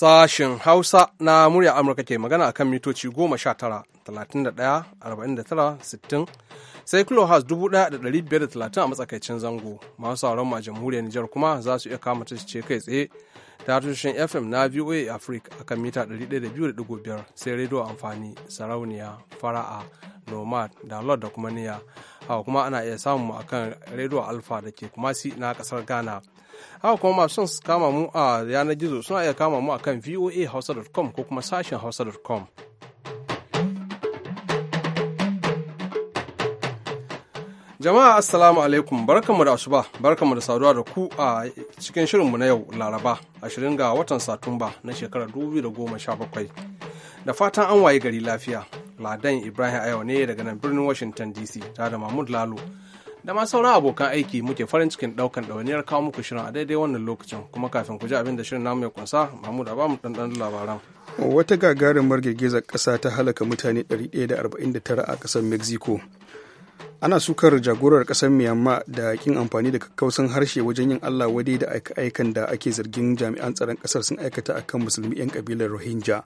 Sashen Hausa na murya Amurka ke magana akan mitoci 19, 31, 49, 60 sai 1,530 a matsakaicin zango masu sauran ma jamhuriyar Nijar kuma za su iya kama ce kai tsaye ta tushen FM na VOA Africa akan mita 102.5 sai rediyo amfani sarauniya fara'a nomad da da kuma niya hawa kuma ana iya samun mu akan rediyo alfa da ke kumasi na kasar Ghana haka kuma masu son su kama mu a yanar gizo suna iya kama mu a akan voahausa.com ko kuma sashen hausa.com jama'a assalamu alaikum barkanmu da asuba barkanmu da saduwa da ku a cikin shirinmu na yau laraba 20 ga watan satumba na shekarar 2017 da fatan an waye gari lafiya ladan ibrahim ayo ne daga nan birnin washington dc tare da mahmud lalo da ma sauran abokan aiki muke farin cikin daukan ɗawainiyar kawo muku shirin a daidai wannan lokacin kuma kafin ku ji abin da shirin namu ya kunsa mahmud a bamu ɗanɗan labaran wata gagarin girgizar kasa ta halaka mutane 149 a ƙasar mexico ana sukar jagorar ƙasar myanmar da kin amfani da kakkausan harshe wajen yin allah wadai da aika-aikan da ake zargin jami'an tsaron kasar sun aikata a kan musulmi 'yan kabilar rohingya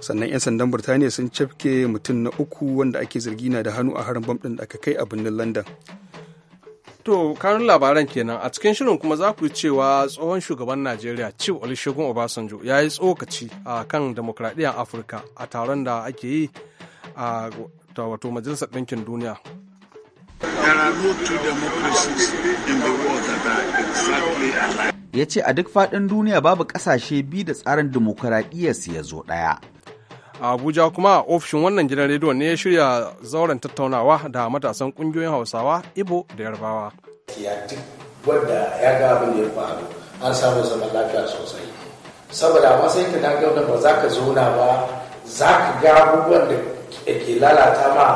sannan 'yan sandan birtaniya sun cafke mutum na uku wanda ake zargi na da hannu a harin bam ɗin da aka kai a birnin london To, karin labaran kenan a cikin shirin kuma za ku cewa tsohon shugaban Najeriya Chief Olusegun Obasanjo ya yi tsokaci a kan demokradiyyar Afirka a taron da ake yi a wato Majalisar Ɗinkin Duniya. Ya ce a duk faɗin duniya babu ƙasashe biyu da tsarin dimokuraɗiyyarsu ya zo ɗaya. a abuja kuma ofishin wannan gidan rediyon ne ya shirya zauren tattaunawa da matasan kungiyoyin hausawa ibo da yarbawa ya duk wanda ya ga abin ya faru an samu zaman lafiya sosai saboda amma sai ka dage wanda ba za ka zauna ba za ka ga abubuwan da ke lalata ma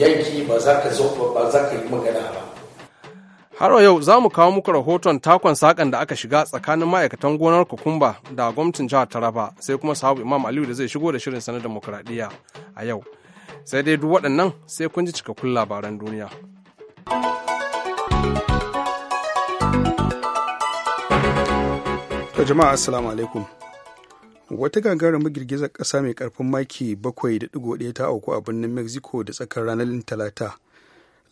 yanki ba za ka zo ba za ka yi magana ba Har yau za mu kawo muku rahoton takon sakan da aka shiga tsakanin ma'aikatan gonar kukumba da gwamnatin jihar Taraba sai kuma sahabu Imam Aliyu da zai shigo da shirin sanar demokuraɗiyya a yau. Sai dai duk waɗannan sai kun ji cikakkun labaran duniya. To jama'a assalamu alaikum. Wata gagarumin magirgizar ƙasa mai ƙarfin maki bakwai 7.1 ta auku a birnin Mexico da tsakar ranar Talata.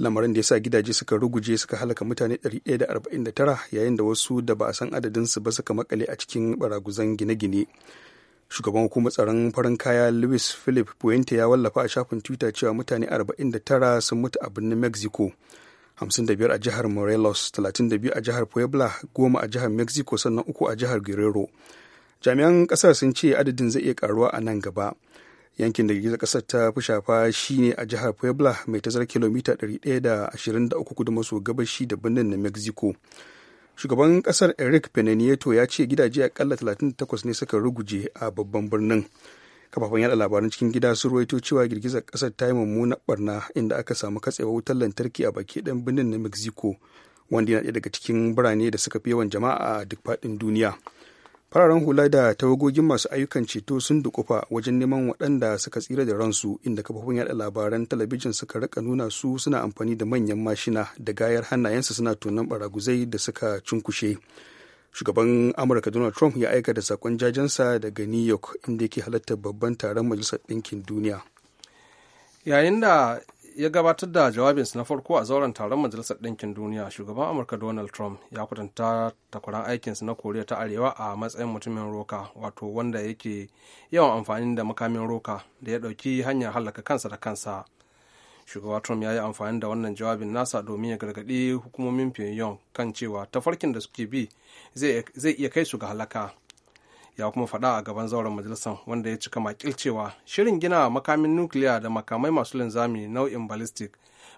lamarin da ya sa gidaje suka ruguje suka halaka mutane 149 yayin da wasu da ba a san adadinsu ba suka makale a cikin baraguzan gine-gine shugaban hukumar tsaron farin kaya louis philip puente ya wallafa a shafin twitter cewa mutane 49 sun mutu a birnin mexico 55 a jihar morelos 32 a jihar puebla 10 a jihar mexico sannan uku a jihar guerrero jami'an kasar sun ce adadin zai iya karuwa a nan gaba yankin da girgizar kasar ta fi shafa shine a jihar puebla mai tazarar kilomita 123 kudu maso gabashi da birnin na mexico shugaban kasar eric penenieto ya ce gidaje akalla 38 ne suka ruguje a babban birnin kafafen yada labaran cikin gida sun ruwaito cewa girgizar kasar ta yi mummunar barna inda aka samu katsewa wutar lantarki a baki ɗan birnin na mexico wanda yana ɗaya daga cikin birane da suka fi yawan jama'a a duk faɗin duniya fararen hula da tawagogin masu ayyukan ceto sun dukufa wajen neman waɗanda suka tsira da ransu inda kafofin yada labaran talabijin suka rika nuna su suna amfani da manyan mashina da gayar hannayensu suna tonon baraguzai da suka cunkushe shugaban amurka donald trump ya aika da sakon jajensa daga new york inda yake halartar babban taron majalisar ɗinkin duniya yayin da ya gabatar da jawabinsa na farko a zauren taron majalisar ɗinkin duniya shugaban amurka donald trump ya kwatanta takwaran aikinsa na koriya ta arewa a matsayin mutumin roka wato wanda yake yawan amfani da makamin roka da ya ɗauki hanyar hallaka kansa da kansa shugaba trump ya yi amfani da wannan jawabin nasa domin ya gargaɗi hukumomin pyongyang kan cewa tafarkin da suke bi zai iya kai su ga halaka ya kuma faɗa a gaban zauren majalisar wanda ya cika makil cewa shirin gina makamin nukiliya da makamai masu linzami nau'in ballistic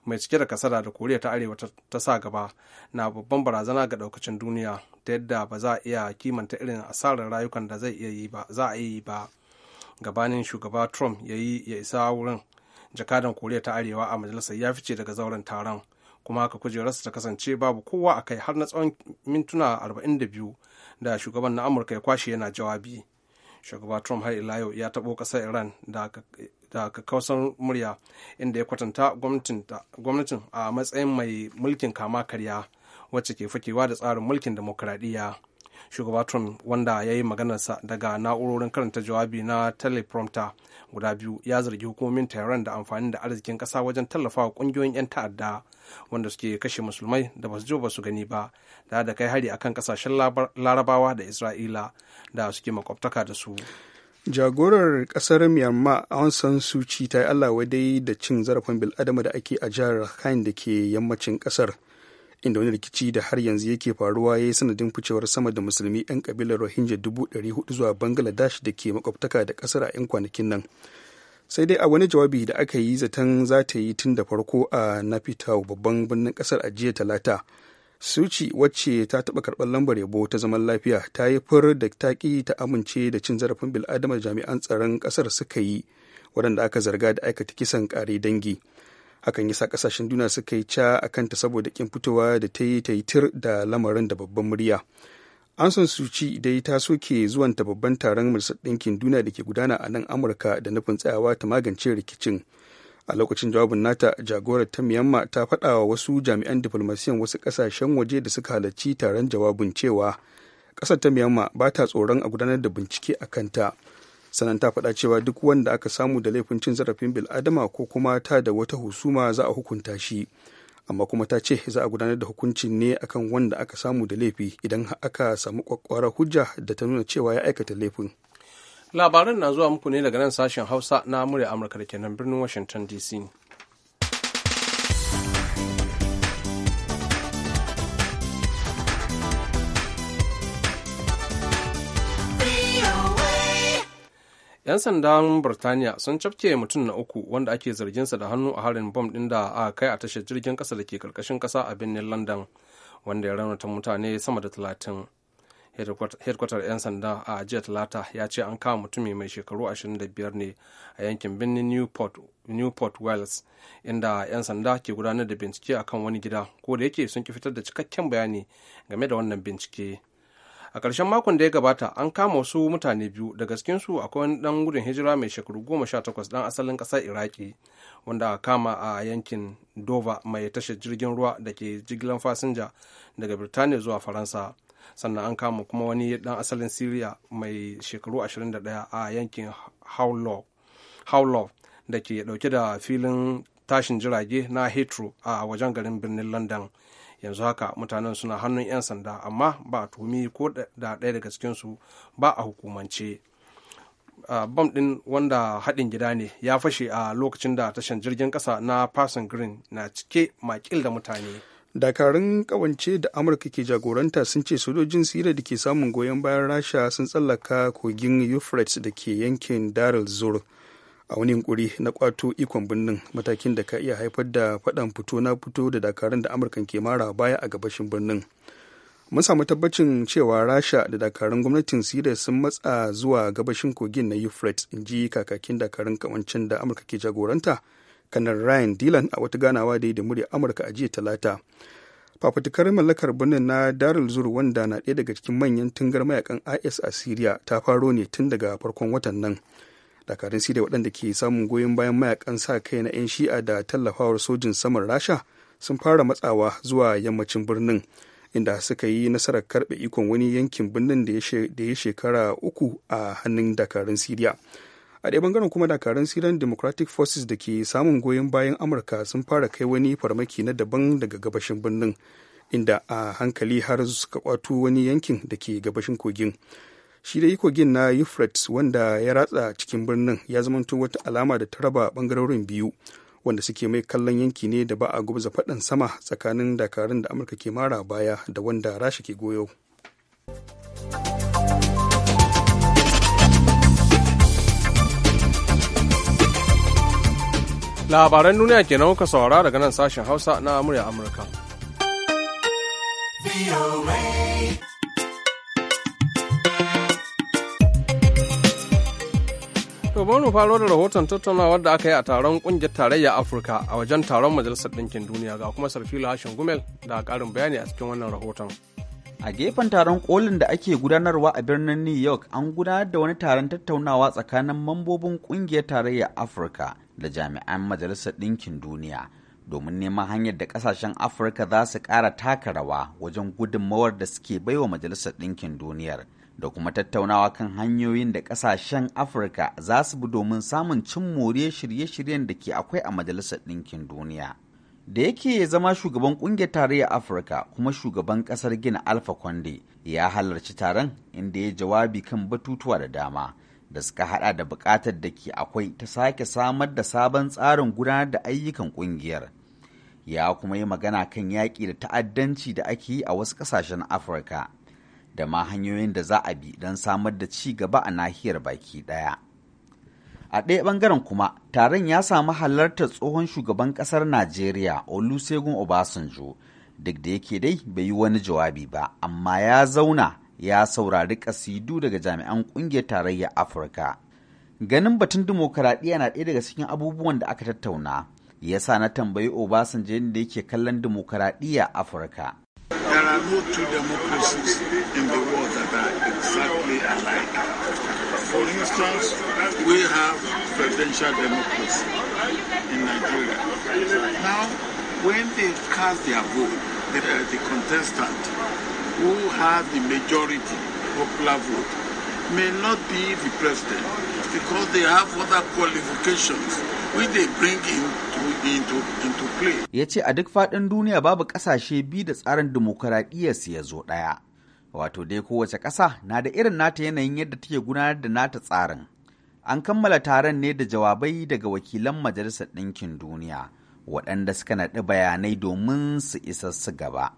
mai cike da kasada da koriya ta arewa ta sa gaba na babban barazana ga daukacin duniya ta yadda ba za a iya kimanta irin asarar rayukan da zai iya yi za a iya yi ba gabanin shugaba trump ya yi ya isa wurin jakadan koriya ta arewa a majalisar ya fice daga zauren taron kuma haka kujerarsa ta kasance babu kowa a kai har na tsawon mintuna 42 da shugaban na amurka ya kwashe yana jawabi shugaba trump har ila yau ya taɓo ƙasar iran da kakkausan murya inda ya kwatanta gwamnatin a matsayin mai mulkin kama karya wacce ke fakewa da tsarin mulkin demokuraɗiyya shugaba trump wanda ya yi maganarsa daga na'urorin karanta jawabi na teleprompter guda biyu ya zargi hukumomin tehran da amfani da arzikin kasa wajen tallafawa kungiyoyin 'yan ta'adda wanda suke kashe musulmai da basu ba su gani ba da da kai hari akan ƙasashen larabawa da isra'ila da suke makwabtaka da su jagorar kasar myanmar aung san suu kyi ta yi allah dai da cin zarafin bil'adama da ake a jihar rakhine da ke yammacin kasar inda wani rikici da har yanzu yake faruwa ya yi sanadin ficewar sama da musulmi 'yan kabilar rohingya dubu ɗari hudu zuwa bangladesh da ke makwabtaka da ƙasar a 'yan kwanakin nan sai dai a wani jawabi da aka yi zaton za ta yi tun da farko a napitau babban birnin ƙasar a jiya talata suci wacce ta taɓa karɓar lambar yabo ta zaman lafiya ta yi fur da ta ƙi ta amince da cin zarafin bil'adama jami'an tsaron ƙasar suka yi waɗanda aka zarga da aikata kisan ƙare dangi hakan sa kasashen duniya suka yi ca a kanta saboda kin fitowa da ta yi taitir da lamarin da babban murya an san suci dai ta soke zuwan ta babban taron majalisar ɗinkin duniya da ke gudana a nan amurka da nufin tsayawa ta magance rikicin a lokacin jawabin nata jagorar ta miyamma ta faɗa wa wasu jami'an diflomasiyan wasu ƙasashen waje da suka halarci taron jawabin cewa ƙasar ta miyamma ba ta tsoron a gudanar da bincike a kanta sannan ta faɗa cewa duk wanda aka samu da laifin cin zarafin bil'adama ko kuma ta da wata husuma za a hukunta shi amma kuma ta ce za a gudanar da hukuncin ne akan wanda aka samu da laifi idan aka samu kwakwara hujja da ta nuna cewa ya aikata laifin labaran na zuwa muku ne daga nan sashen hausa na murya amurka da kenan birnin washington dc 'yan sandan burtaniya sun cafke mutum na uku wanda ake zarginsa da hannu a harin bom ɗin da aka kai a tashar jirgin kasa da ke karkashin ƙasa a birnin london wanda ya raunata mutane sama da talatin headquarter 'yan sanda a jiya talata ya ce an kama mutumi mai shekaru 25 ne a yankin birnin newport, newport wales inda 'yan sanda ke gudanar da bincike akan wani gida ko da yake sun ki fitar da cikakken bayani game da wannan bincike a ƙarshen makon da ya gabata an kama wasu mutane biyu da gaskinsu akwai wani ɗan gudun hijira mai shekaru goma sha takwas ɗan asalin ƙasar iraki wanda aka kama a yankin dova mai tashar jirgin ruwa da ke jigilan fasinja daga birtaniya zuwa faransa sannan an kama kuma wani ɗan asalin siriya mai shekaru ashirin da 21 a yankin howlov da ke ɗauke da filin tashin jirage na hetro a wajen garin birnin london yanzu haka mutanen suna hannun 'yan sanda amma ba a tuhumi ko da ɗaya daga cikinsu ba a hukumance bam ɗin wanda haɗin gida ne ya fashe a lokacin da tashan jirgin ƙasa na Parson Green na cike makil da mutane. dakarun kawance da amurka ke jagoranta sun ce sojojin sira da ke samun goyon bayan rasha sun tsallaka kogin euphrates da ke yankin daryl zur a wani yunkuri na kwato ikon birnin matakin da ka iya haifar da faɗan fito na fito da dakarun da amurkan ke mara baya a gabashin birnin mun samu tabbacin cewa rasha da dakarun gwamnatin siriya sun matsa zuwa gabashin kogin na euphrates in ji kakakin dakarun kawancin da amurka ke jagoranta kanar ryan dylan a wata ganawa da da murya amurka a jiya talata fafutukar mallakar birnin na darul zur wanda na ɗaya daga cikin manyan tungar mayakan is a siriya ta faro ne tun daga farkon watan nan dakarun siriya waɗanda ke samun goyon bayan mayakan sa kai na 'yan shi'a da tallafawar sojin saman rasha sun fara matsawa zuwa yammacin birnin inda suka yi nasarar karɓe ikon wani yankin birnin da ya shekara uku a hannun dakarun siriya a ɗaya bangaren kuma dakarun syrian democratic forces da ke samun goyon bayan amurka sun fara kai wani farmaki na daban daga gabashin birnin inda a hankali har suka kwato wani yankin da ke gabashin kogin shi da gin na euphrates wanda ya ratsa cikin birnin ya zamanto wata alama da ta raba bangarorin biyu wanda suke mai kallon yanki ne da ba a gubza faɗan sama tsakanin dakarun da amurka ke mara baya da wanda rasha ke goyo labaran duniya kenan kuka saurara daga nan sashen hausa na amurya amurka Shugaban mu faro rahoton tattaunawar da aka yi a taron kungiyar tarayya Afirka a wajen taron Majalisar dinkin Duniya ga kuma Sarfilo Hashin Gumel da ƙarin bayani a cikin wannan rahoton. A gefen taron kolin da ake gudanarwa a birnin New York an gudanar da wani taron tattaunawa tsakanin mambobin kungiyar tarayya Afirka da jami'an Majalisar dinkin Duniya domin neman hanyar da ƙasashen Afirka za su ƙara taka rawa wajen gudunmawar da suke baiwa Majalisar Ɗinkin Duniyar da kuma tattaunawa kan hanyoyin da kasashen afirka za su bi domin samun cin more shirye-shiryen da ke akwai a majalisar ɗinkin duniya da yake zama shugaban ƙungiyar tarayyar afirka kuma shugaban ƙasar gina alfa kwande ya halarci taron inda ya jawabi kan batutuwa da dama da suka hada da buƙatar da ke akwai ta sake samar da sabon tsarin gudanar da ayyukan ƙungiyar ya kuma yi magana kan yaƙi da ta'addanci da ake yi a wasu ƙasashen afirka da ma hanyoyin da za a bi don samar da ci gaba a nahiyar baki ɗaya. A ɗaya ɓangaren kuma, taron ya samu halartar tsohon shugaban ƙasar Najeriya Olusegun Obasanjo, duk da yake dai bai yi wani jawabi ba, amma ya zauna ya saurari ƙasidu daga jami'an ƙungiyar tarayyar Afirka. Ganin batun dimokuraɗiyya na ɗaya daga cikin abubuwan da aka tattauna, ya sa na tambayi Obasanjo yadda yake kallon dimokuraɗiyya Afirka. There are no two democracies in the world that are exactly alike. For instance, we have presidential democracy in Nigeria. Now, when they cast their vote, the, uh, the contestant who had the majority popular vote may not be the president because they have other qualifications Ya ce a duk faɗin duniya babu ƙasashe biyu da tsarin dimokuraɗiyyarsu ya zo ɗaya. Wato dai kowace ƙasa na da irin nata yanayin yadda take gudanar da nata tsarin. An kammala taron ne da jawabai daga wakilan Majalisar Ɗinkin Duniya, waɗanda suka naɗi bayanai domin su isa su gaba.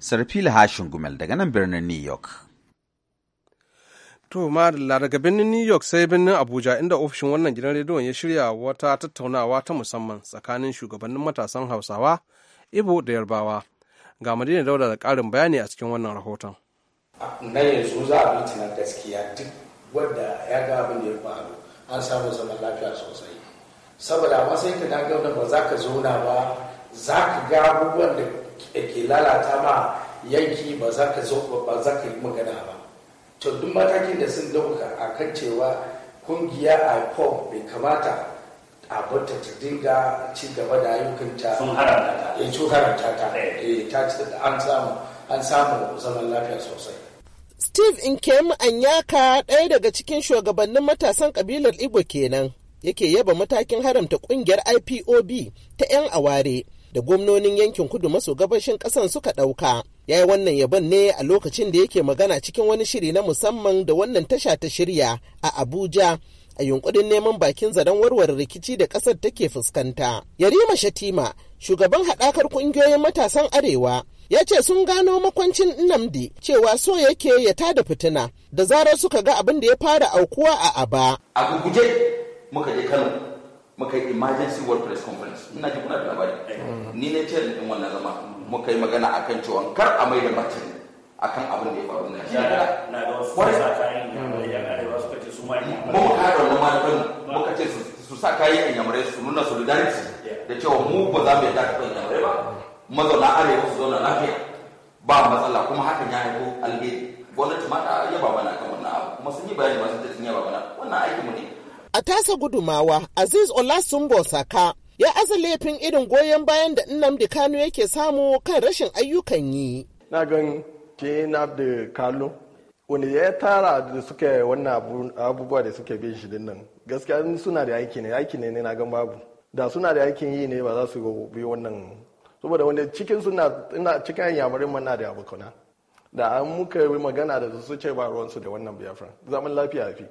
Sarfil Hashin Gumel daga nan birnin New York. To madalla daga birnin New York sai birnin Abuja inda ofishin wannan gidan rediyon ya shirya wata tattaunawa ta musamman tsakanin shugabannin matasan Hausawa, Ibo da Yarbawa. Ga Madina Dauda da karin bayani a cikin wannan rahoton. Na yanzu za a bi na gaskiya duk wadda ya ga abin da ya faru an samu zaman lafiya sosai. Saboda amma sai ka daga ba za ka zauna ba za ka ga abubuwan da ke lalata ma yanki ba za ka ba za ka yi magana ba. to duk matakin da sun dauka a kan cewa kungiya a pop bai kamata a bata ta dinga ci gaba da ayyukanta sun haramta ta eh, haramta ta eh. eh ta ci da an samu an samu zaman lafiya sosai Steve Nkem Anyaka ɗaya daga cikin shugabannin matasan kabilar Igbo kenan yake yaba matakin haramta kungiyar IPOB ta 'yan aware da gwamnonin yankin kudu maso gabashin ƙasan suka ɗauka. ya yi wannan yabon ne a lokacin da yake magana cikin wani shiri na musamman da wannan tasha ta shirya a abuja a yunkurin neman bakin zaren warware rikici da ƙasar take fuskanta yarima shatima shugaban haɗakar ƙungiyoyin matasan arewa ya ce sun gano makwancin nnamdi cewa so yake ya tada fitina da zarar suka ga abin da ya fara aukuwa a aba a guguje muka je kano muka yi emergency world press conference ina ji kuna da labari ni ne ce in wannan zama muka yi magana a kan cewa kar a mai da martani a kan abin da ya faru na shi na da wasu sa kayan yan arewa suka ce su ma mu kada wannan malamin muka ce su sa kayan a yamurai su nuna solidarity da cewa mu ba za mu yi da yan yamurai ba mazauna arewa su zauna lafiya ba matsala kuma hakan ya haifo alheri gwamnati ma ya ba mana kan wannan abu kuma sun yi bayani masu sun ba mana wannan aikinmu ne a tasa gudumawa aziz olasunbo saka ya aza laifin irin goyon bayan da Nnamdi kano yake samu kan rashin ayyukan yi. Na gan ke Nnamdi kano wani ya tara da suke wannan abubuwa da suke bin shi dinnan gaskiya suna da aiki ne aiki ne na gan babu da suna da aikin yi ne ba za su bi wannan saboda wanda cikin suna ina cikin yamarin mana da abokana da an muka yi magana da su ce ba ruwansu da wannan biyafran zaman lafiya fi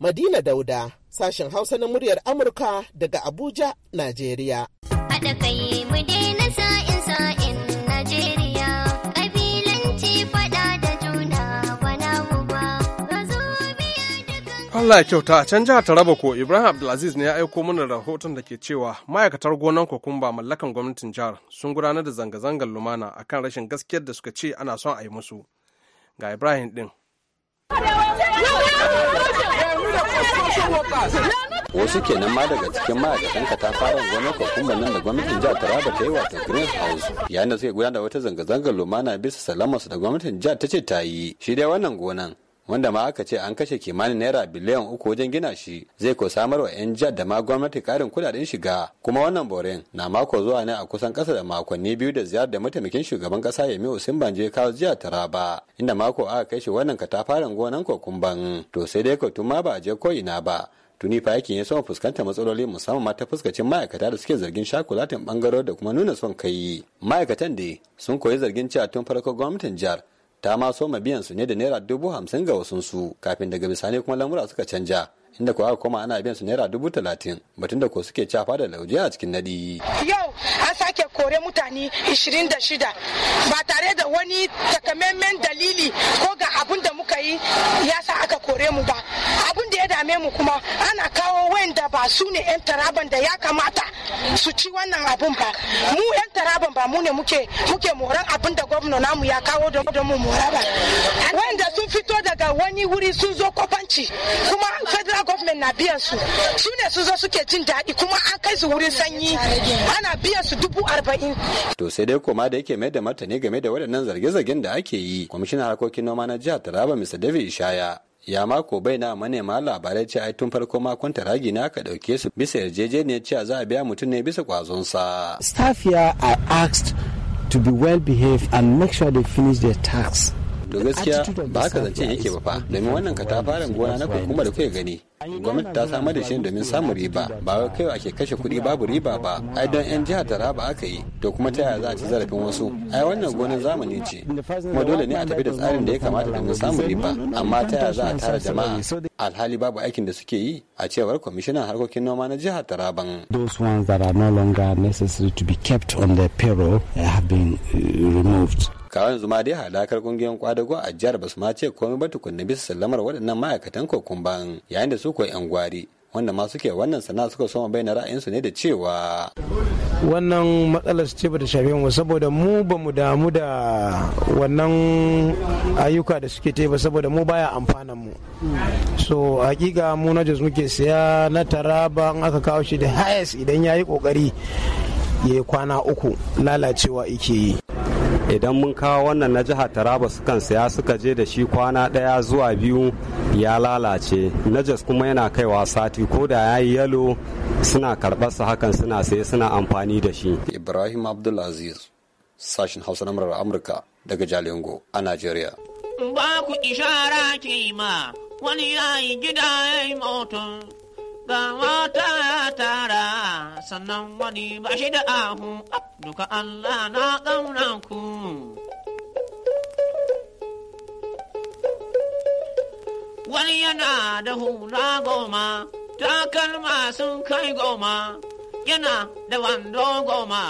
Madina Dauda, sashen Hausa na muryar Amurka daga Abuja, Najeriya. Haɗa Najeriya, Allah ya kyauta a can jihar Taraba ko Ibrahim Abdulaziz ne ya aiko mana rahoton da ke cewa ma'aikatar gonan kokumba mallakan gwamnatin jihar sun gudanar da zanga-zangar lumana akan rashin gaskiyar da suka ce ana son a yi musu. Ga Ibrahim ɗin wasu kenan ma daga cikin ma'aikatan katafaren gwamnati hukumar nan da gwamnatin jihar taraba ta yi wato green house yayin da suke gudanar da wata zanga-zangar lumana bisa salamarsu da gwamnatin jihar ta ce ta yi shi dai wannan gonan wanda ma aka ce an kashe kimanin naira biliyan uku wajen gina shi zai ko samar wa 'yan jihar da ma gwamnati karin kudaden shiga kuma wannan borin na mako zuwa ne a kusan kasa da makonni biyu da ziyarar da mataimakin shugaban kasa yemi osin banje kawo jiya taraba inda mako aka kai shi wannan katafaren gonan kokumban to sai dai ko tun ma ba a je ko ina ba tuni fa yakin ya sama fuskantar matsaloli musamman ma ta fuskacin ma'aikata da suke zargin shakulatin bangaro da kuma nuna son kai ma'aikatan da sun koyi zargin cewa tun farko gwamnatin jihar ta ma so biyan su ne da naira dubu hamsin ga su kafin daga bisani kuma lamura suka canja inda ko aka koma ana biyan su naira dubu talatin batun da ko suke cafa da lauje a cikin nadi. Yau an sake kore mutane 26 ba tare da wani takamaiman dalili ko ga abun da muka yi ya sa aka kore mu ba. Abun da ya dame mu kuma ana kawo wayanda ba su ne 'yan taraban da ya kamata su ci wannan abun ba. Mu 'yan taraban ba mu ne muke muke moran abun da gwamna namu ya kawo da mu mora ba. Wayanda sun fito daga wani wuri sun zo kwafanci kuma federal government na biyan su su ne su zo suke jin daɗi kuma an kai su wurin sanyi ana biyan su dubu arba'in. to sai dai koma da yake mai da martani game da waɗannan zarge-zargen da ake yi kwamishinan harkokin noma na jihar taraba mr david ishaya ya mako bai na manema labarai ce ai tun farko makon taragi na ka dauke su bisa yarjejeniyar cewa za a biya mutum ne bisa sa. staff here are asked to be well behaved and make sure they finish their tasks to gaskiya ba haka zance yake ba fa domin wannan ka ta fara gona na kuma da kuke gani gwamnati ta samar da shi domin samun riba ba wai kai ake kashe kuɗi babu riba ba ai don yan jihar taraba aka yi to kuma ta yaya za a ci zarafin wasu ai wannan gonar zamani ce kuma dole ne a tafi da tsarin da ya kamata domin samu riba amma ta yaya za a tara jama'a alhali babu aikin da suke yi a cewar kwamishinan harkokin noma na jihar taraban those ones that are no longer necessary to be kept on the payroll eh, have been eh, removed kawo yanzu ma dai halakar kungiyar kwadago a jihar basu ma ce komai ba tukunna bisa sallamar waɗannan ma'aikatan kokun ban yayin da su ko yan gwari wanda ma suke wannan sana'a suka soma bayyana ra'ayinsu ne da cewa wannan matsalar ce ba ta shafe mu saboda mu ba mu damu da wannan ayyuka da suke te ba saboda mu baya amfanan mu so hakika mu na jos muke siya na taraba in aka kawo shi da hayes idan ya yi kokari ya kwana uku lalacewa ike yi idan mun kawo wannan na jihar taraba sukan saya suka je da shi kwana ɗaya zuwa biyu ya lalace na kuma yana kaiwa sati ko da ya yi yalo suna karɓar su hakan suna saye suna amfani da shi ibrahim abdulaziz sashen hausa na murar amurka daga jalingo a nigeria ba ku ishara ke ma wani yayi gida ya yi ga mata ya tara sannan wani ba shi da ahu duka Allah na ƙauna ku. Wani yana da hula goma, takalma sun kai goma, yana da wando goma,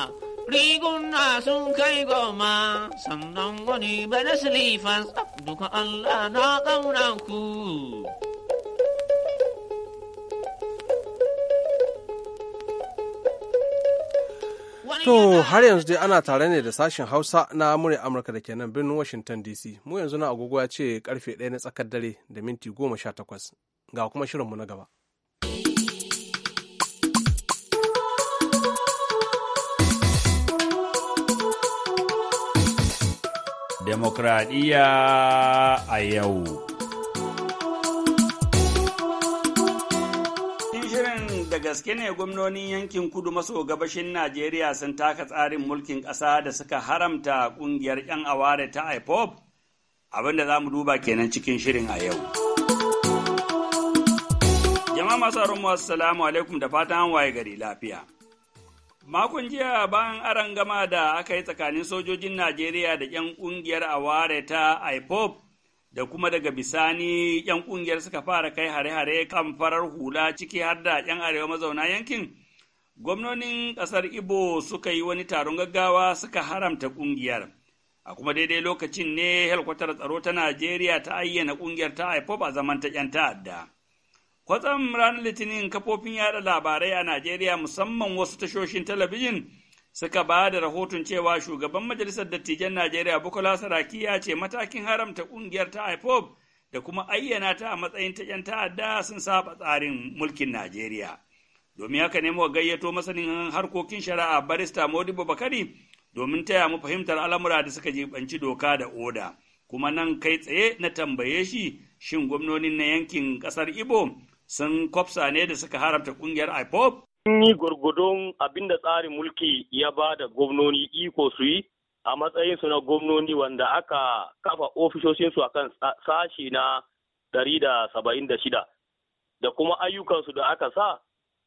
riguna sun kai goma, sannan wani ba da silifan duka Allah na ƙauna ku. To har yanzu dai ana tare ne da sashen Hausa na murya Amurka da kenan birnin Washington DC. Mu yanzu na agogo ya ce karfe ɗaya na tsakar dare da minti goma sha takwas. Ga kuma shirinmu na gaba. Demokradiyya a yau. gaske ne gwamnonin yankin kudu maso gabashin Najeriya sun taka tsarin mulkin ƙasa da suka haramta ƙungiyar 'yan aware ta IPOP? Abinda za mu duba kenan cikin shirin a yau. Jama'a masu mu assalamu alaikum da fatan waye gari lafiya. Makon jiya bayan aron gama da aka yi tsakanin sojojin Najeriya da 'yan ƙungiyar aware ta IPOP da kuma daga bisani 'yan kungiyar suka fara kai hare-hare kan farar hula ciki har da 'yan arewa mazauna yankin gwamnonin ƙasar ibo suka yi wani taron gaggawa suka haramta kungiyar a kuma daidai lokacin ne helkwatar tsaro ta najeriya ta ayyana kungiyar ta ipop a zaman ta 'yan ta'adda kwatsam ranar litinin kafofin yada labarai a najeriya musamman wasu tashoshin talabijin suka ba da rahoton cewa shugaban majalisar dattijan Najeriya Bukola Saraki ya ce matakin haramta kungiyar ta IPOB da kuma ayyana ta a matsayin ta ‘yan ta'adda sun saba tsarin mulkin Najeriya. Domin haka ne muka gayyato masanin harkokin shari'a barista Modibo Bakari domin taya mu fahimtar al'amura da suka jibanci doka da oda. Kuma nan kai tsaye na tambaye shi shin gwamnonin na yankin ƙasar Ibo sun kwafsa ne da suka haramta ƙungiyar IPOB yi gwargwadon abinda tsarin mulki ya ba da gwamnoni iko su yi a matsayinsu na gwamnoni wanda aka kafa ofisoshinsu a kan sashi na 176 da kuma ayyukansu da aka sa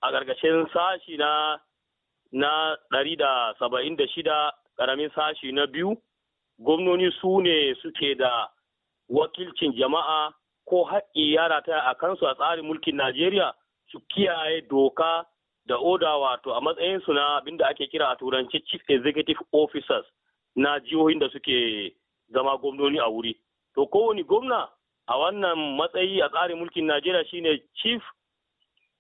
a ƙarƙashin sashi na na 176 ƙaramin sashi na biyu gwamnoni su ne suke da wakilcin jama'a ko haƙƙi yara ta a kansu a tsarin mulkin Najeriya su kiyaye doka da oda wato a matsayinsu na abinda ake kira a turanci chief executive officers na jihohin da suke zama gwamnoni a wuri to kowane gwamna a wannan matsayi a tsarin mulkin najeriya shine chief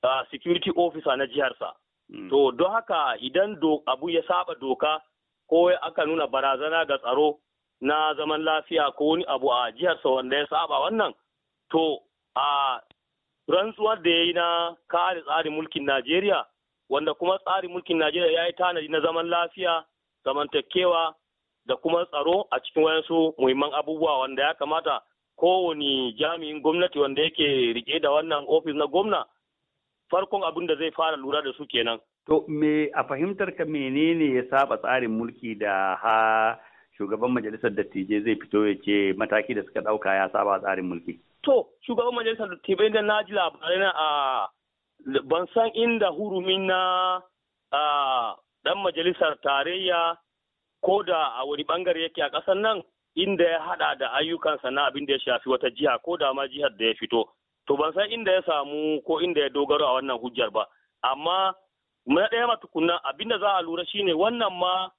uh, security officer na jiharsa mm. to don haka idan do, abu ya saba doka ko aka nuna barazana ga tsaro na zaman lafiya ko wani abu a jiharsa wanda ya saba wannan to a rantsuwar da ya yi na kare tsarin mulkin najeriya wanda kuma tsarin mulkin Najeriya ya yi tanadi na zaman lafiya, zamantakewa da kuma tsaro a cikin wayansu muhimman abubuwa wanda ya kamata kowane jami'in gwamnati wanda yake rike da wannan ofis na gwamna farkon abin da zai fara lura da su kenan. To me a fahimtar ka menene ya saba tsarin mulki da ha shugaban majalisar dattijai zai fito ya ce mataki da suka ɗauka ya saba tsarin mulki. To shugaban majalisar dattijai da na ji labarai a ban san inda hurumin na dan majalisar tarayya ko da a wani bangare yake a ƙasar nan inda ya haɗa da ayyukansa na abin da ya shafi wata jiha ko da ma jihar da ya fito to ban san inda ya samu ko inda ya dogaro a wannan hujjar ba amma na ɗaya ma tukunna abin da za a lura shine wannan ma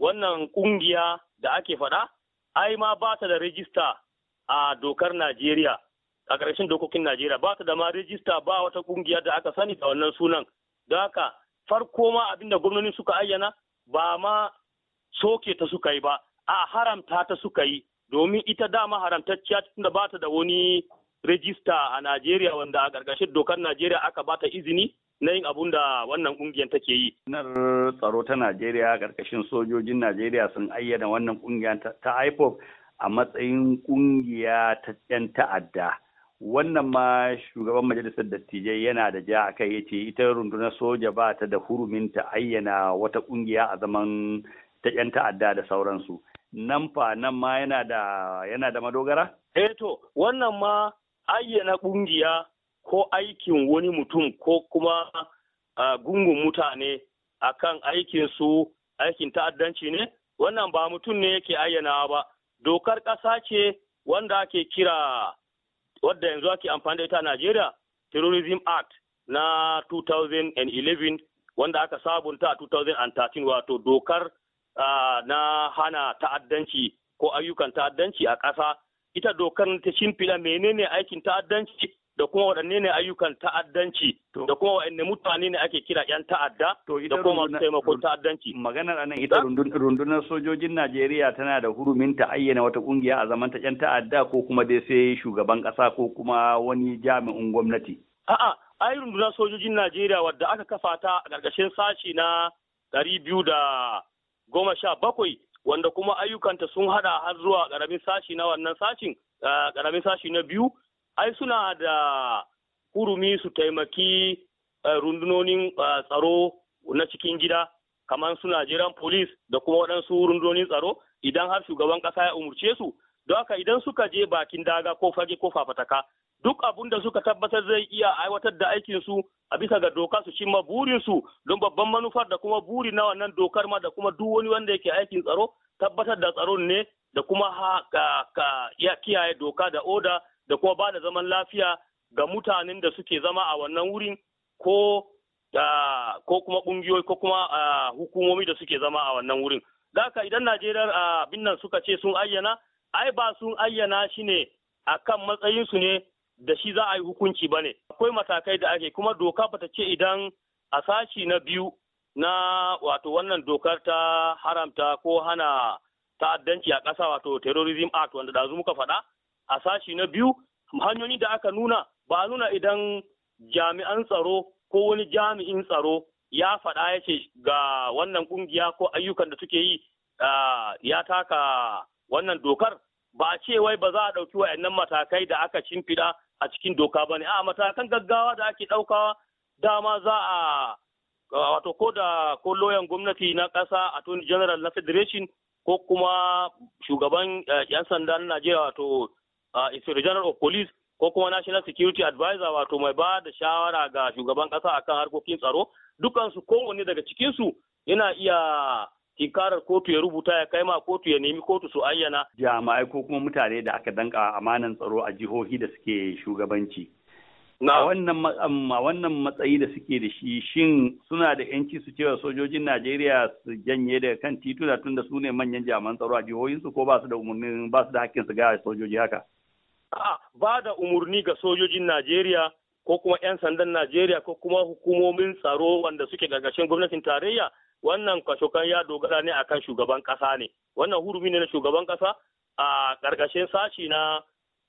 wannan kungiya da ake faɗa ai ma ba ta da rijista a dokar Najeriya a ƙarshen dokokin Najeriya ba ta da ma rijista ba wata ƙungiya da aka sani da wannan sunan. Don haka farko ma abin da gwamnoni suka ayyana ba ma soke ta suka yi ba, a haramta ta suka yi domin ita dama haramtacciya da ba ta da wani rijista a Najeriya wanda a ƙarƙashin dokar Najeriya aka ba ta izini na yin abun da wannan ƙungiyar take yi. Hukumar tsaro ta Najeriya a ƙarƙashin sojojin Najeriya sun ayyana wannan ƙungiya ta IPOP a matsayin ƙungiya ta 'yan ta'adda. wannan ma shugaban majalisar dattijai yana da ja a kai ya ce ita rundunar soja ba ta da hurumin ta ayyana wata kungiya a zaman ta 'yan ta'adda da sauransu nan fa nan ma yana da madogara? Eh to wannan ma ayyana kungiya ko aikin wani mutum ko kuma uh, gungun mutane akan aikin su aikin ta'addanci ne wannan ba mutum ne yake ayyanawa ba dokar ƙasa ce wanda ake kira wadda yanzu ake amfani da ita a Najeriya Terrorism Act na 2011 wanda aka sabunta a 2013 wato dokar na hana ta'addanci ko ayyukan ta'addanci a ƙasa ita dokar ta shimfila menene aikin ta'addanci da kuma waɗanne ne ayyukan ta'addanci da kuma waɗanne mutane ne ake kira 'yan ta'adda da kuma masu taimakon ta'addanci. Maganar anan ita rundunar sojojin Najeriya tana da hurumin ta ayyana wata ƙungiya a zamanta 'yan ta'adda ko kuma dai sai shugaban ƙasa ko kuma wani jami'in gwamnati. A'a, ai rundunar sojojin Najeriya wadda aka kafa ta a ƙarƙashin sashi na ɗari biyu da goma sha bakwai wanda kuma ayyukanta sun haɗa har zuwa ƙaramin sashi na wannan sashin ƙaramin sashi na biyu ai suna da hurumi su taimaki eh, rundunonin eh, tsaro na cikin gida kamar su jiran police da kuma waɗansu rundunonin tsaro idan har shugaban ƙasa ya umurce su don haka idan suka je bakin daga ko fage ko fafataka duk abun da suka tabbatar zai iya aiwatar da aikin su a bisa ga doka su cimma burinsu. don babban manufar da kuma buri na wannan dokar ma da kuma duk wani wanda yake aikin tsaro tabbatar da tsaron ne da kuma ha, ka, ya kiyaye doka da oda da kuma ba da zaman lafiya ga mutanen da suke zama a wannan wurin ko ko kuma kungiyoyi ko kuma hukumomi da suke zama a wannan wurin. Daka idan Najeriya abin nan suka ce sun ayyana, ai ba sun ayyana shi ne a kan matsayinsu ne da shi za a yi hukunci ba ne. Akwai matakai da ake kuma doka bata ce idan a sashi na biyu na wato wannan dokar ta haramta ko hana ta'addanci a ƙasa wato terrorism act wanda ɗazu muka faɗa a sashi na biyu hanyoyi da aka nuna ba a nuna idan jami'an tsaro ko wani jami'in tsaro ya faɗa ya ce ga wannan ƙungiya ko ayyukan da suke yi ya taka wannan dokar ba a ce wai ba za a ɗauki 'yannan matakai da aka shimfiɗa a cikin doka ba ne a matakan gaggawa da ake ɗaukawa dama za a wato ko da ko loyan gwamnati na ƙasa attorney general na federation ko kuma shugaban eh, yan sanda na najeriya wato inspector general of police ko kuma national security advisor wato mai ba da shawara ga shugaban kasa akan harkokin tsaro dukansu kowanne daga cikinsu yana iya tinkarar kotu ya rubuta ya kai ma kotu ya nemi kotu su ayyana. Jami'ai ko kuma mutane da aka danka amanan tsaro a jihohi da suke shugabanci. Um, a wannan matsayi da suke da shi shin suna da yanci su cewa sojojin Najeriya su janye daga kan tituna tunda su ne manyan jami'an tsaro a jihohinsu ko ba su da umarnin ba su da hakkin su ga sojoji haka? A'a ba da umarni ga sojojin Najeriya ko kuma 'yan sandan Najeriya ko kuma hukumomin tsaro wanda suke gargashin gwamnatin tarayya wannan kwashokan ya dogara ne akan shugaban kasa ne. Wannan hurumi ne na shugaban kasa a gargashin sashi na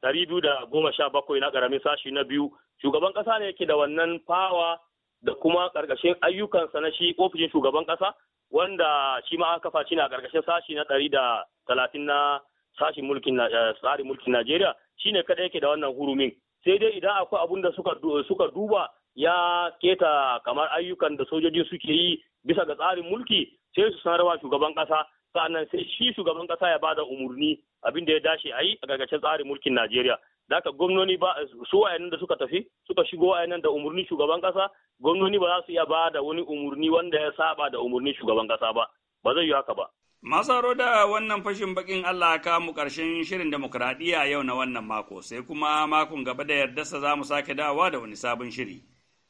ɗari biyu da goma sha bakwai na ƙaramin sashi na biyu shugaban kasa ne yake da wannan fawa da kuma ƙarƙashin ayyukansa na shi ofishin shugaban kasa wanda shi ma aka kafa shi na ƙarƙashin sashi na ɗari da talatin na sashin mulkin eh, tsarin mulkin Najeriya shine kada yake da wannan hurumin sai dai idan akwai abun da suka suka duba ya keta kamar ayyukan da sojoji suke yi bisa ga tsarin mulki sai su sanarwa shugaban kasa sannan sai shi shugaban kasa ya bada umurni abin da ya dace a yi a gargacin tsarin mulkin Najeriya daka gwamnoni ba su wayannan da suka tafi suka shigo wayannan da umurni shugaban kasa gwamnoni ba za su iya bada da wani umurni wanda ya saba da umurni shugaban kasa ba ba zai yi haka ba Masaro da wannan fashin bakin Allah ka mu ƙarshen shirin demokuraɗiyya yau na wannan mako, sai kuma makon gaba da yardarsa za mu sake dawa da wani sabon shiri.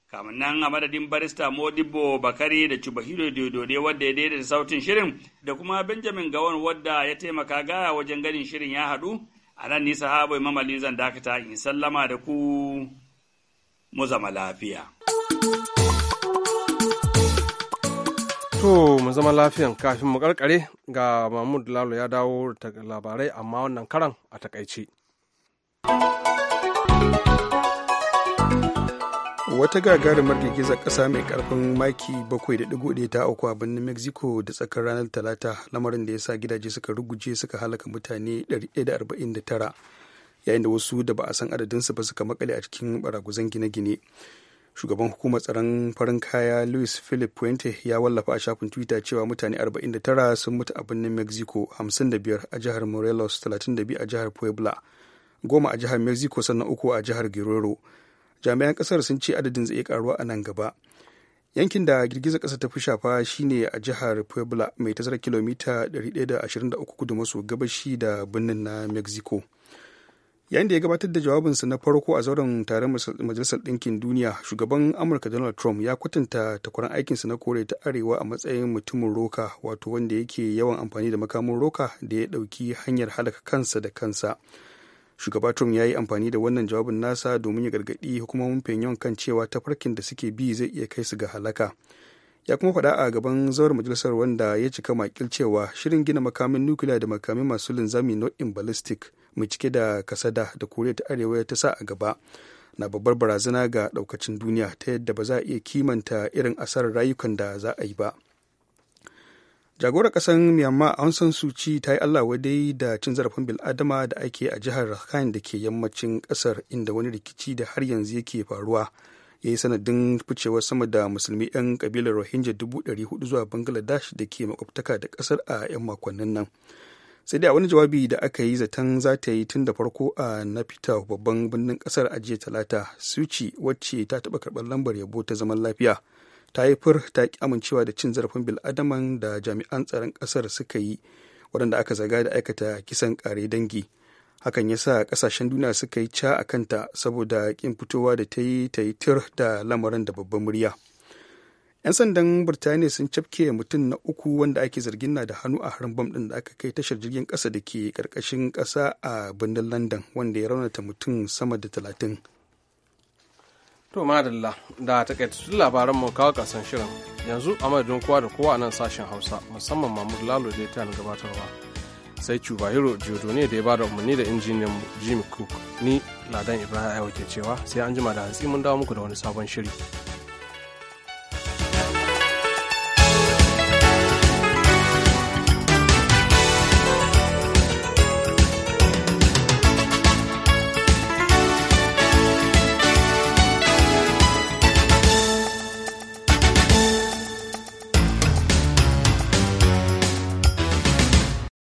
Kamin nan a madadin barista Modibo Bakari da Cibahiro dododo wadda ya da sautin shirin da kuma Benjamin Gawon wadda ya taimaka gaya wajen ganin shirin ya haɗu, a nan nisa habai mamali zan dakata in sallama da ku mu zama lafiya. To mu zama lafiyan kafin mu karkare ga Mahmud Lalo ya dawo da labarai amma wannan karan a takaice. Wata gagarumar girgizar kasa mai karfin maki bakwai 7.1 ta auku a birnin Mexico da tsakar ranar Talata lamarin da ya sa gidaje suka ruguje suka halaka mutane 149 yayin da wasu da ba a san adadinsu ba suka makale a cikin baraguzan gine-gine. shugaban hukumar tsaron farin kaya luis philip puente ya wallafa a shafin twitter cewa mutane 49 sun mutu a birnin mexico 55 a jihar morelos 32 a jihar puebla goma a jihar mexico sannan uku a jihar guerrero jami'an kasar sun ce adadin zai karuwa a nan gaba yankin da girgizar kasa ta fi shafa shine a jihar puebla mai tazarar kilomita 123 kudu maso gabashi da birnin na mexico yayin da ya gabatar da jawabinsa na farko a zauren taron majalisar ɗinkin duniya shugaban amurka donald trump ya kwatanta takwaran aikinsa na kore ta arewa a matsayin mutumin roka wato wanda yake yawan amfani da makamin roka da ya ɗauki hanyar halaka kansa da kansa shugaba trump ya yi amfani da wannan jawabin nasa domin ya gargaɗi hukumomin pyongyang kan cewa tafarkin da suke bi zai iya kai su ga halaka ya kuma faɗa a gaban zawar majalisar wanda ya cika makil cewa shirin gina makamin nukiliya da makamin masu linzami nau'in ballistic mai cike da kasada da koriya ta arewa ta sa a gaba na babbar barazana ga daukacin duniya ta yadda ba za a iya kimanta irin asarar rayukan da za a yi ba jagorar ƙasar myanmar aung san suu ta yi allah wadai da cin zarafin bil'adama da ake a jihar rakhine da ke yammacin kasar inda wani rikici da har yanzu yake faruwa ya yi sanadin ficewar sama da musulmi 'yan kabilar rohingya 400 zuwa bangladesh da ke makwabtaka da kasar a 'yan makonnin nan sai dai a wani jawabi da aka yi zaton za ta yi tun da farko a na fita babban birnin kasar a jiya talata suci wacce ta taɓa karɓar lambar yabo ta zaman lafiya ta yi haifar ta ki amincewa da cin zarafin bil'adaman da jami'an tsaron kasar suka yi waɗanda aka zaga da aikata kisan kare dangi hakan ya sa ƙasashen duniya suka yi ca a kanta saboda ƙin fitowa da ta yi ta yi tir da lamarin da babban murya. 'yan sandan birtaniya sun cafke mutum na uku wanda ake zargin na da hannu a harin bom din da aka kai tashar jirgin kasa da ke karkashin kasa a birnin london wanda ya raunata mutum sama da talatin to madalla da takaitattun labaran mu kawo kasan shirin yanzu a madadin kowa da kowa a nan sashen hausa musamman mahmud lalo da ya gabatarwa sai cubahiro jodo ne da ya bada umarni da injiniyan mu jimmy cook ni ladan ibrahim ayo ke cewa sai an jima da hantsi mun dawo muku da wani sabon shiri